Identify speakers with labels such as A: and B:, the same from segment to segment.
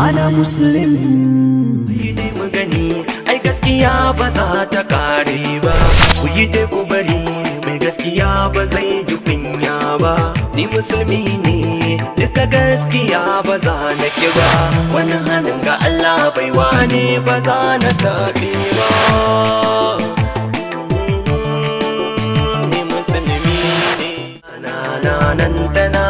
A: ana muslim yi dai
B: ai gaskiya ba za ta kare ba ku yi dai ku bari mai gaskiya ba zai ji kunya ba ni musulmi ne duka gaskiya ba za na ki ba wani hannun ga Allah bai wani ba za na tafi ba ni musulmi ne na nan tana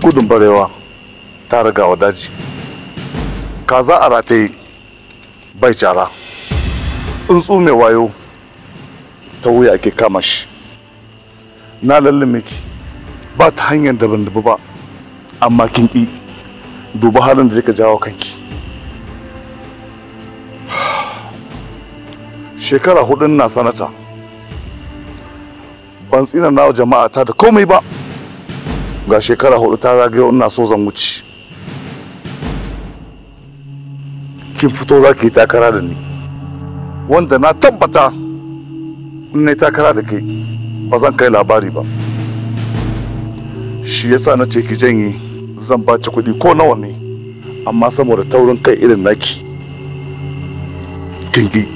C: gudun barewa ta riga wa daji kaza a rataye bai cara tsuntsu mai wayo ta wuya ake kama shi na lalle ki ba ta hanyar da ban dubu ba amma kin ƙi duba halin da ka jawo kanki shekara hudun na sanata ban tsina na jama'a ta da komai ba ga shekara hudu ta zagayo ina so zan wuce kin fito za ki yi takara da ni wanda na tabbata in na yi takara da kai ba zan kai labari ba shi yasa na ce ki janye zan ba ci kuɗi ko nawa ne amma saboda taurin kai irin naki kinki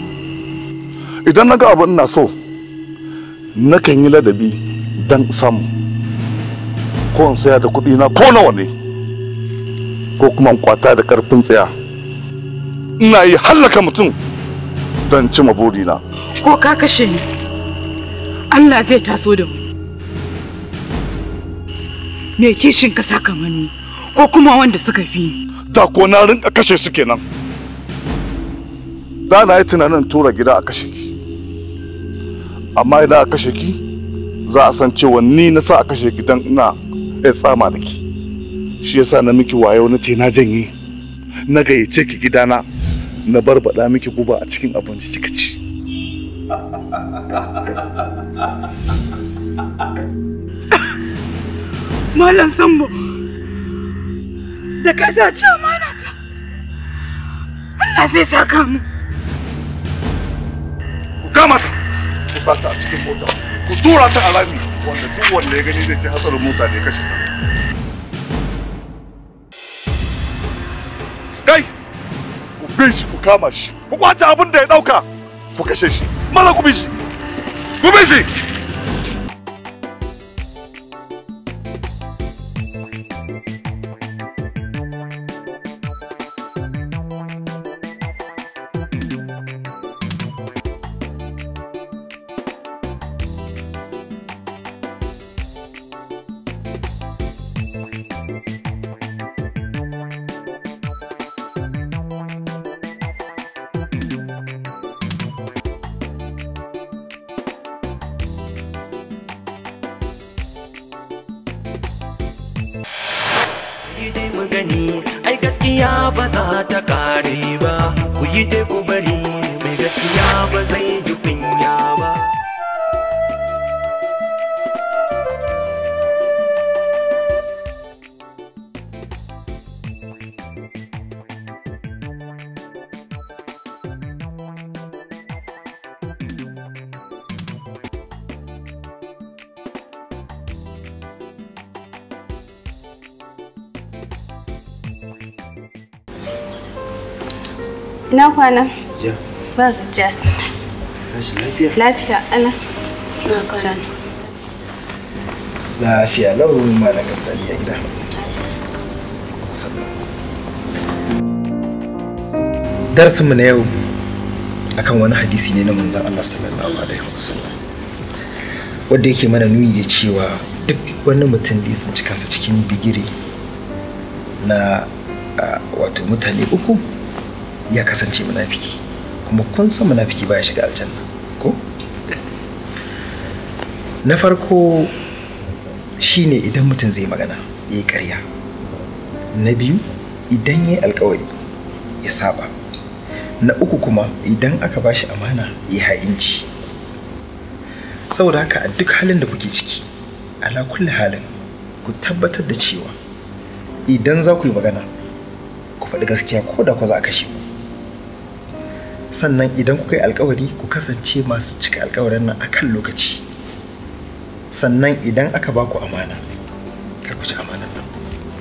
C: idan na ga abin na so na kan yi ladabi don samu ko in saya da kuɗi na ko nawa ne ko kuma in kwata da karfin tsaya ina yi hallaka mutum don cima burina
A: ko ka kashe ni Allah zai taso da mu me kishin ka saka mani ko kuma wanda suka fi ni
C: da ko na rinka kashe su kenan da na yi tunanin tura gida a kashe ki amma idan a kashe ki za a san cewa ni na sa a kashe gidan ina yar tsama da ke shi yasa na miki wayo na ce na janye na gayyace ki gidana na barbada miki guba a cikin abinci kika ci Malam Sambo da ka zaci amana ta Allah zai saka mu ku kama ta ku sata a cikin mota ku tura ta a rami wanda duk wanda ya gani zai ci hatsarin mota ne kashe ta kai ku bi shi ku kama shi ku kwace abin da ya ɗauka ku kashe shi maza ku bi shi ku bi shi
A: Ina kwana? Ja. Ba gajiya. Tashi lafiya? Lafiya ana. Ina kwana.
D: Lafiya lau malam Gansali ya gida. Darsinmu na yau akan wani hadisi ne na manzan Allah sallallahu alaihi wasallam wanda yake mana nuni da cewa duk wani mutum da ya tsinci kasa cikin bigiri na ah, wato mutane uku ya kasance munafiki kuma kun san munafiki ya shiga aljanna ko na farko shine idan mutum zai magana ya yi ƙarya na biyu idan ya yi alkawari ya saba na uku kuma idan aka ba shi amana ya ha'inci saboda haka a duk halin da kuke ciki ala kulli halin ku tabbatar da cewa idan za ku yi magana ku faɗi gaskiya ko da ku za a kashe ku sannan idan kuka yi alkawari ku kasance masu cika alkawarin nan akan lokaci sannan idan aka ba ku amana kar ku ci amanar nan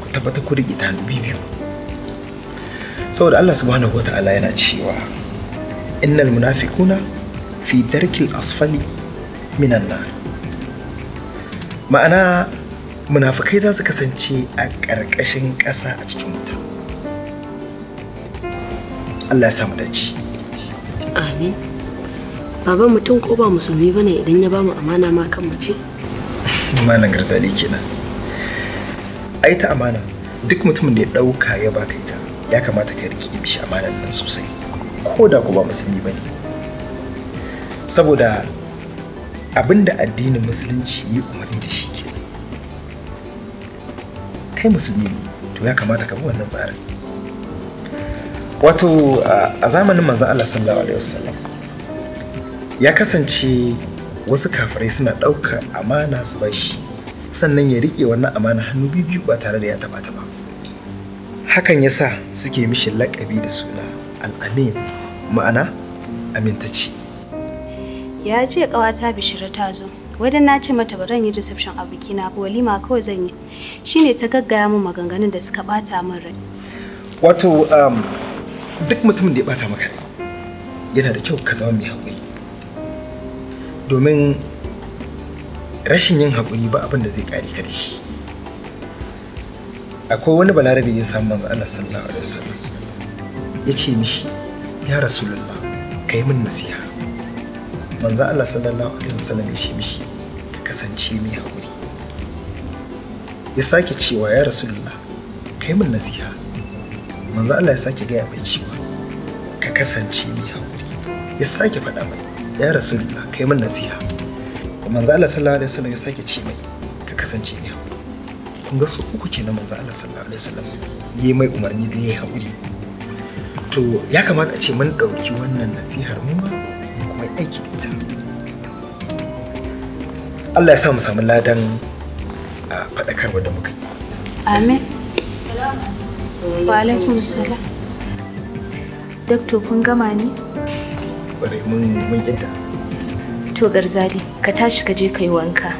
D: ku tabbata ku riƙe ta biyu saboda Allah subhanahu wata'ala yana cewa innal munafiquna fi darkil asfali minan nar ma'ana munafikai za su kasance a ƙarƙashin ƙasa a cikin wuta Allah ya samu dace.
A: Amin. Baban mutum ko ba musulmi ba ne idan ya ba mu amana ma kan mace?
D: Malam garzali kenan. Ai ta amana duk mutumin da ya ɗauka ya ba ka ita ya kamata ka riƙe mishi amanar nan sosai ko da ko ba musulmi ba ne. Saboda abinda addinin musulunci yi umarni da shi kenan. Kai musulmi ne to ya kamata ka bi wannan tsarin. wato a zamanin manzan Allah sallallahu alaihi wasallam ya kasance wasu kafirai suna ɗaukar amana su bashi sannan ya riƙe wannan amana hannu biyu ba tare da ya taɓa ta ba hakan ya sa suke mishi laƙabi da suna al'amin ma'ana amintacci
A: ya ce ƙawata bishira ta zo wadan na ce mata ba yi reception a bikina walima kawai zan yi shine ta gaggaya min maganganun da suka bata min rai
D: wato um, duk mutumin da ya bata maka yana da kyau ka zama mai haƙuri domin rashin yin haƙuri ba abin da zai kare ka da shi akwai wani balarabe ya samu manzo Allah sallallahu alaihi wasallam ya ce mishi ya rasulullah ka yi min nasiha manzo Allah sallallahu alaihi wasallam ya ce mishi ka kasance mai haƙuri ya sake cewa ya rasulullah ka yi min nasiha manzo Allah ya sake gaya mai cewa ka kasance ni haƙuri ya sake faɗa mai ya rasulullah kai min nasiha manzo Allah sallallahu alaihi wasallam ya sake ce mai ka kasance ni haƙuri kun ga su uku kenan manzo Allah sallallahu alaihi wasallam yi mai umarni da yayi hakuri to ya kamata a ce mun ɗauki wannan nasihar mu ma kuma aiki da ita Allah ya sa mu samu ladan ah, faɗakarwa da muka yi.
A: Amin. Wa alaikum Dokto kun gama ne?
D: mun kinta.
A: To Garzali, ka tashi ka je yi wanka.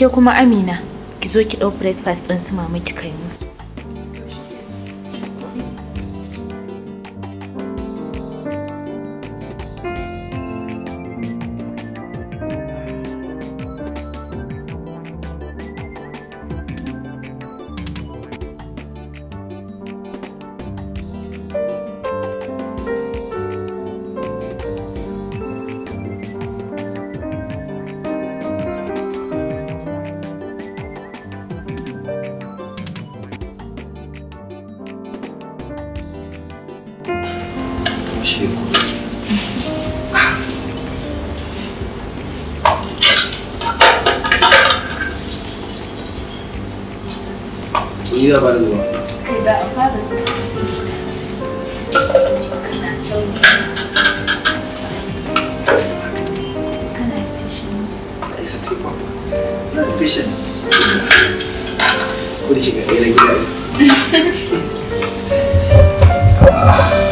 A: Ke kuma Amina, ki zo ki ɗau breakfast ɗin su mama ki kai musu. za a fara zuba kai za fara zuba
D: kana kana patience da shiga ɗaya na gida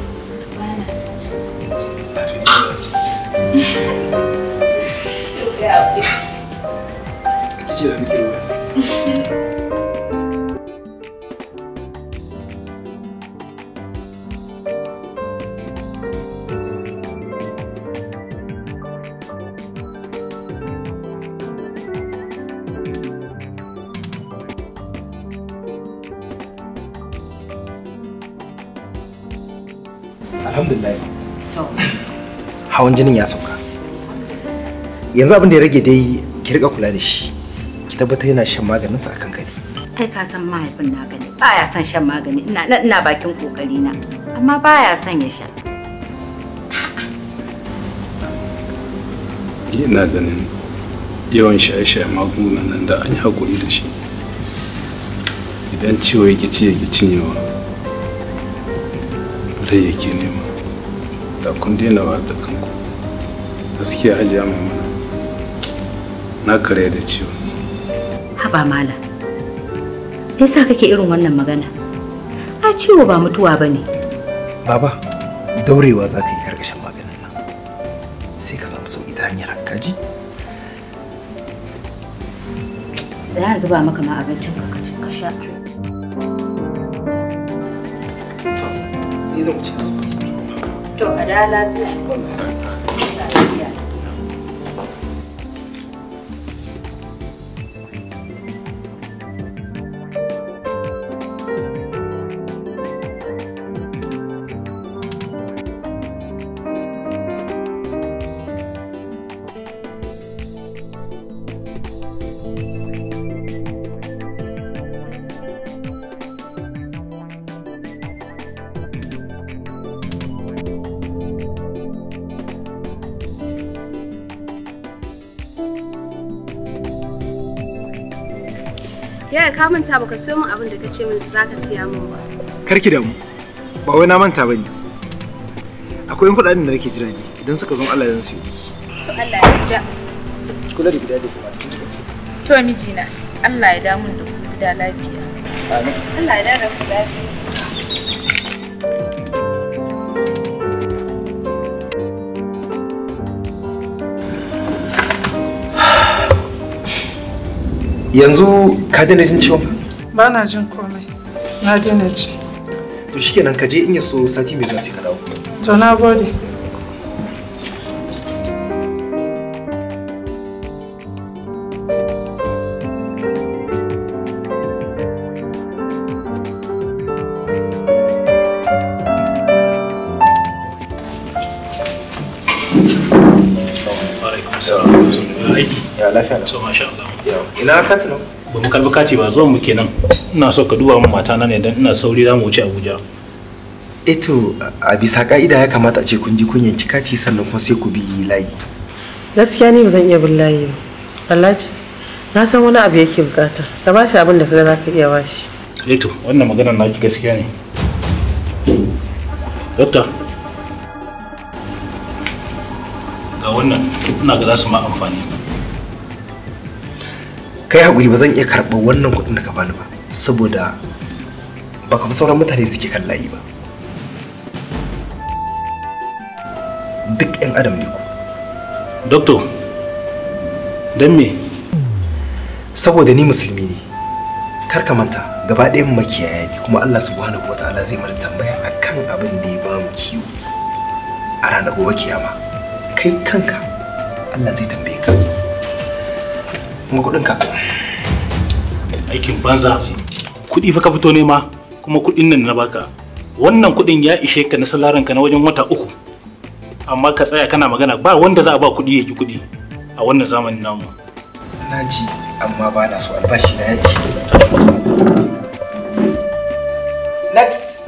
A: Chưa
B: được chưa?
D: hawan jinin ya sauka yanzu abin da ya rage dai ki rika kula da shi ki tabbatar yana shan maganinsa a kan gari
A: kai ka san mahaifin na gani baya son shan magani ina nan ina bakin kokari na amma baya son ya sha
E: ina ganin yawan shaye-shaye magunan nan da an yi hakuri da shi idan ciwo ya ci ya cinyewa rai yake nema da kun daina wa da kan gaskiya hajiya maimuna na kare da ciwo
A: haba mala me yasa kake irin wannan magana a ciwo ba mutuwa bane
E: baba
D: daurewa za ka yi karkashin maganin nan sai ka samu sauki ta hanyar kaji
A: da yanzu ba maka ma abincin ka ka sha to a da lafiya ka manta baka so min abin da ka ce min za ka siya min ba.
D: Karki da mu. Ba wai na manta bane. Akwai yan kuɗaɗen da nake jira ne idan suka zo Allah ya zan yi.
A: To Allah ya da.
D: Kula da gida da kuma.
A: To mijina, Allah ya damu da ku gida lafiya. Allah ya damu da ku lafiya.
D: yanzu ka daina jin ciwon ba na jin komai na daina ji to shikenan ka je in yaso so sati mai zuwa ka dawo
E: to na gode
D: aiki ya lafiya na so masha Allah ina kati nan ba mu karbi kati ba zuwan mu kenan ina so ka duba mata na ne ina sauri za mu wuce Abuja eto eh a bisa ka'ida ya kamata a ce kun ji kun yanki kati sannan kuma sai ku bi layi gaskiya ni
B: ba zan iya bin layi ba Alhaji na san wani abu yake bukata ka ba shi abin da kaga ka
D: iya bashi eto eh wannan maganar naki gaskiya ne dokta
B: ga wannan ina ga za su ma
D: amfani kai hakuri ba zan iya karɓar wannan kuɗin da ka bani ba saboda ba ka fi sauran mutane suke kan layi ba duk 'yan adam ne ku doktor don me saboda ni musulmi ne kar ka manta gaba ɗayan makiyaya ne kuma Allah subhanahu wa ta'ala zai mara tambaya a kan abin da ya ba mu kiwo a ranar gobe kiyama kai kanka Allah zai tambaya. kuma kuɗin ka aikin banza kuɗi fa ka fito ne ma kuma kuɗin nan na baka wannan kuɗin ya ishe ka na salarin ka na wajen wata uku amma ka tsaya kana magana ba wanda za a ba kuɗi ya ki kuɗi a wannan zamanin namu na ji amma ba na so albashi na ya ishe next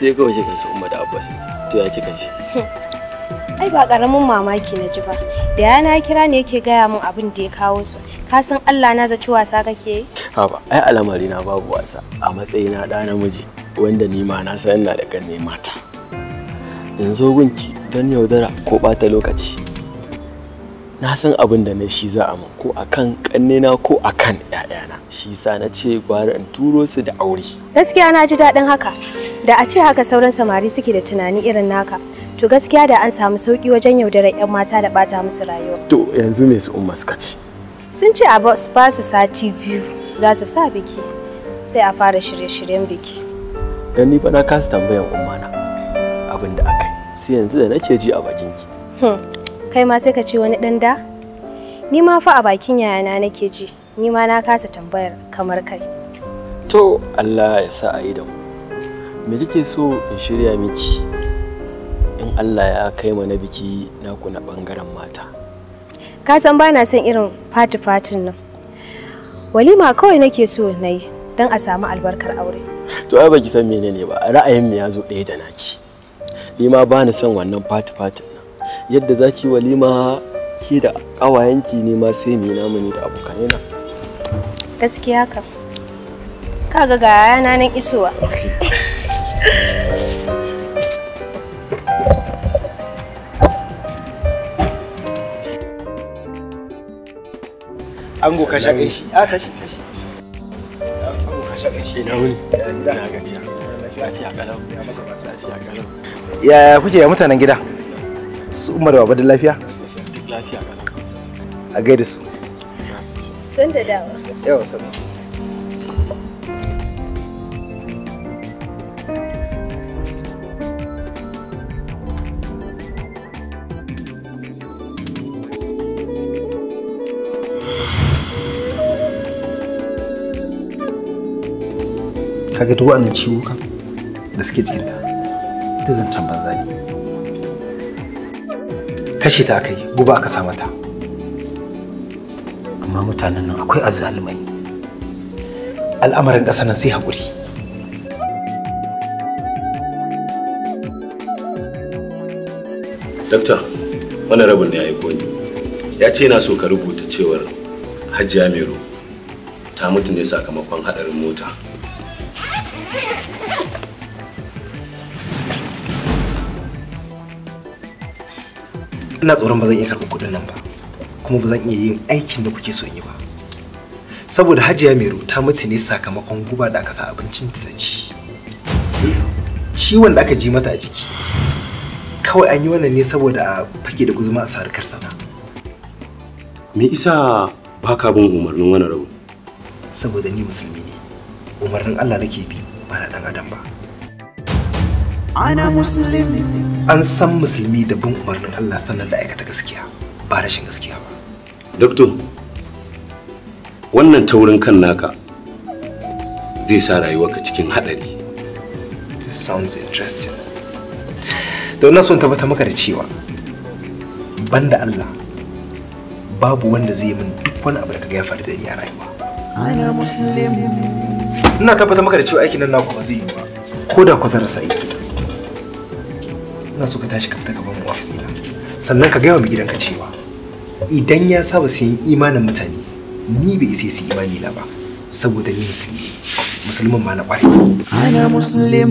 B: sai kawai kika su Umar da abbas to ya kika ji
A: ai ba karamin mamaki na ji ba da yana kira ne yake gaya min abin da ya kawo su ka san Allah na zaci wasa kake
B: ha ba ai al'amari na babu wasa a na da namiji wanda ni ma na san ina da kan mata yanzu gunki don yaudara ko bata lokaci na san abin da na shi za a min ko akan kannena ko akan ƴaƴana shi sa na ce gwara in turo su da aure
A: gaskiya na ji daɗin haka da a ce haka sauran samari suke da tunani irin naka to gaskiya da an samu sauki wajen yaudarar 'yan mata da ɓata musu rayuwa
B: to yanzu me su umma suka ce
A: sun ce a ba su sati biyu za su sa biki sai a fara shirye-shiryen biki
B: dan ni fa na kasa tambayan umma na abin da aka yi sai yanzu da nake ji a bakin ki
A: hmm. kai ma sai ka ce wani ɗan da ni ma fa a bakin yayana nake ji ni ma na kasa tambayar kamar kai
B: to Allah ya sa a yi da mu me kike so in shirya miki in Allah ya kai mu na biki na ku na bangaren mata
A: ka san ba na son irin fati fatin nan walima kawai nake so na yi don a samu albarkar aure
B: to ai baki san menene ba ra'ayin mu ya zo ɗaya da naki ni ma ba ni son wannan fati fatin yadda zaki ki walima ke da ƙawayenki ne ma sai mai namu ne da abokanai na
A: gaskiya ka kaga ga yana nan isowa
D: ango ka shaƙe shi a ah, ka ango ka shaƙe shi na wuni na gajiya lafiya kalau lafiya kalau yaya kuke mutanen gida su umar baba da lafiya a gaida su
A: san da dawa
D: yawa san kaga duk wannan ciwuka da suke jikinta ta zancen banza ne kashe ta aka yi guba aka sa mata amma mutanen nan akwai azzalumai al'amarin ƙasa nan sai haƙuri Dokta,
B: wani rabin ya yi ni. Ya ce yana so ka rubuta cewar Hajiya Mero ta mutu ne sakamakon haɗarin mota.
D: ina tsoron ba zan iya karɓar kuɗin nan ba kuma ba zan iya yin aikin da kuke so yi ba saboda hajiya mero ta mutu ne sakamakon guba da aka sa abincin da ta ci ciwon da aka ji mata a jiki kawai an yi wannan ne saboda a fake da guzuma a sarkar sana me isa ba ka bin umarnin wani rabu saboda ni musulmi ne umarnin allah nake bi ba na dan adam ba ana musulmi an san musulmi da bin umarnin Allah sannan da aikata gaskiya ba rashin gaskiya ba doktor wannan taurin kan naka zai sa rayuwarka cikin hadari this sounds interesting don na son tabbata maka da cewa banda Allah babu wanda zai min duk wani abu da kaga ya faru da ni a rayuwa ana musulmi ina tabbata maka da cewa aikin nan naku ba zai yi ba ko da ku zarasa aiki ina so ka tashi ka fita gaban sannan ka gaya wa gidanka cewa idan ya saba siyan imanin mutane ni bai isa su imani na ba saboda ni musulmi musulman ma na ƙwarai ana musulmi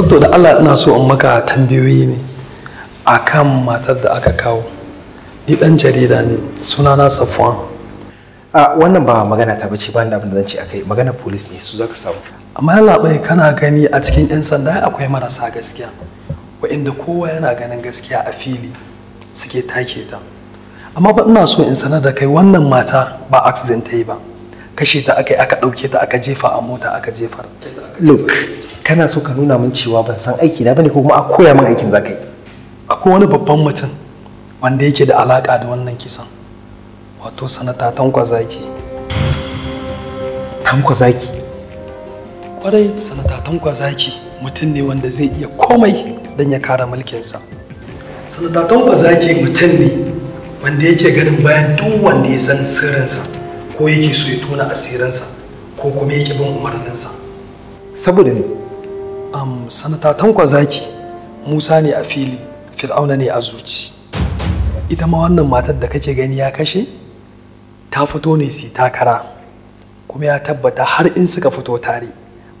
E: doktor da allah ina so in maka tambayoyi ne akan matar da aka kawo ni dan jarida ne sunana safwan a wannan ba magana ta bace ba ni abin da zan ce akai magana police ne su zaka samu amma bai kana gani a cikin yan sanda akwai marasa gaskiya wa'inda kowa yana ganin gaskiya a fili suke take ta amma ba ina so in sanar da kai wannan mata ba accident ta yi ba kashe ta aka yi aka ɗauke ta aka jefa a mota aka jefar look kana so ka nuna min cewa ban san aiki na bane ko kuma a koya min aikin zaka yi akwai wani babban mutum wanda yake da alaka da wannan kisan wato sanata tankwa zaki zaki kwarai sanata tankwa zaki mutum ne wanda zai iya komai don ya kare sa sanata tankwa zaki mutum ne wanda yake ganin bayan duk wanda ya san sirrinsa ko yake so ya tona asirinsa ko kuma yake bin umarninsa saboda ne um, sanata tankwa musa ne a fili fir'auna ne a zuci ita ma wannan matar da kake gani ya kashe ta fito ne su takara kuma ya tabbata har in suka fito tare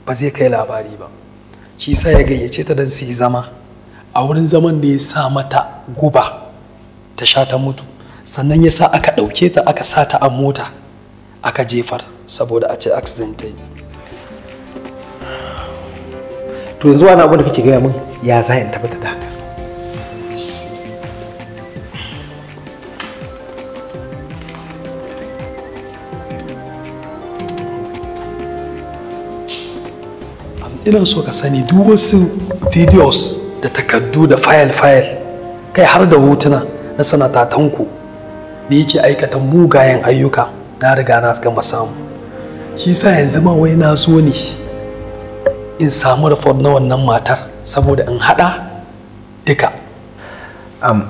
E: ba zai kai labari ba shi sa ya gayyace ta don su yi zama a wurin zaman da ya sa mata guba ta sha ta mutu sannan ya sa aka ɗauke ta aka sa ta a mota aka jefar saboda a ce accident ta yi
D: to yanzu wani abu da kake gaya min ya za in tabbata da haka
E: ina so ka sani duk wasu videos da takardu da fayil-fayil kai har da hotuna na sanatatanku ne yake aikata mugayen ayyuka na riga na gama samu shi sa yanzu ma wai na so ne in samu rafot na wannan matar saboda in hada duka um,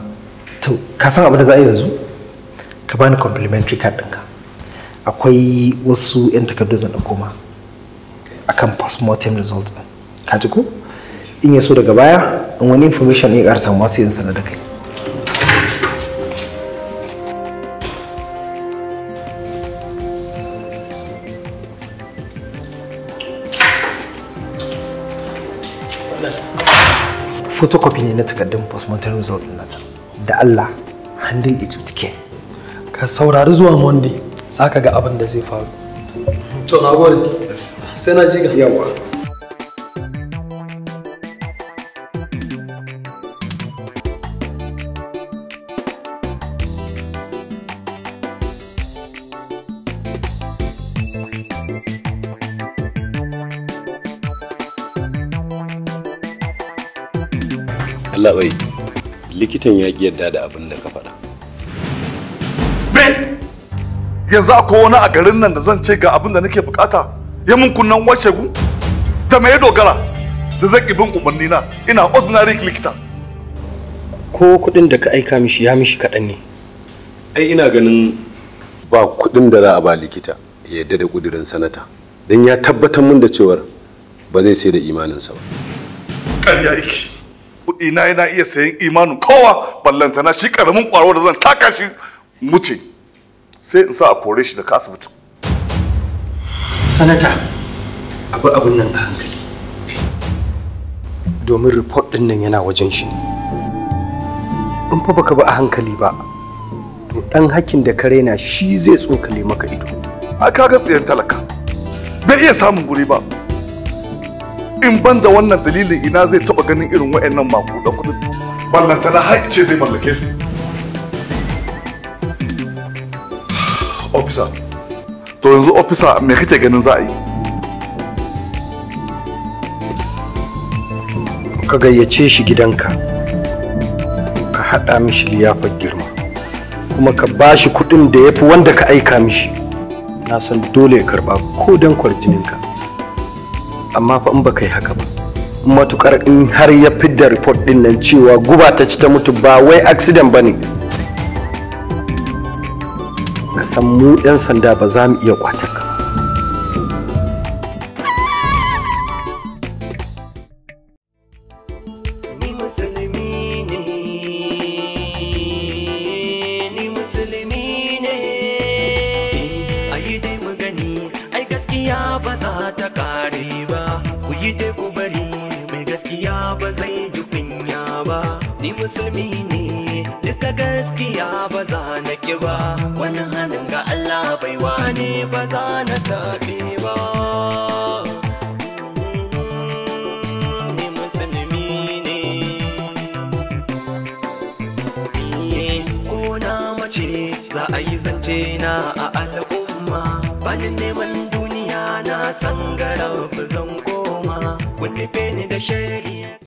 E: to ka san abin da za a yanzu ka bani complimentary card ɗinka
D: akwai wasu 'yan takardu zan ɗauko ma akan postmortem results ka ji ko in ya so daga baya in wani information ya ƙara samuwa sai in sanar da kai photocopy ne na takardun postmortem result din nata
E: da Allah handle it with care ka saurari zuwa monday ka ga abin da zai faru to na gode sai na ji ga yawa
B: likitan
C: ya ki yadda da abin da ka faɗa. Be! Yanzu akwai wani a garin nan da zan ce ga abin da nake bukata ya mun kunnan washegu ta mai dogara da zan ibin umarni na ina ordinary likita.
E: Ko kuɗin da ka aika mishi ya mishi kaɗan ne.
C: Ai ina ganin ba kuɗin da
D: za a ba likita ya yadda da ƙudurin sanata don ya tabbatar mun da cewar ba zai sai da imaninsa ba.
C: Ƙarya yake. kuɗi na yana iya sayan imanin kowa ballantana shi karamin ƙwaro da zan taka shi muce sai in sa a kore shi daga asibiti sanata abu abin nan a hankali
E: domin report ɗin nan yana wajen shi in fa baka ba a hankali ba to ɗan hakin da ka raina shi zai tsokale maka
C: ido a kaga tsayen talaka bai iya samun guri ba in ban da wannan dalilin ina zai taba ganin irin wa'annan makudan kudin ballantana har ce zai mallake su officer to yanzu officer me kake ganin za a yi
E: ka gayyace shi gidanka ka haɗa mishi liyafar girma kuma ka ba shi kuɗin da ya fi wanda ka aika mishi na san dole ya karɓa ko don kwarjininka amma fa in baka yi haka ba matukar in har ya fidda report din nan cewa guba ta ci ta mutu ba wai accident bane ne na san mu 'yan sanda ba za mu iya kwatar
B: ba za na taɓe ba ni musulmi ne ko na mace za a yi zance na a al'umma
A: bayan neman duniya na san garab zan koma ku ni da shari'a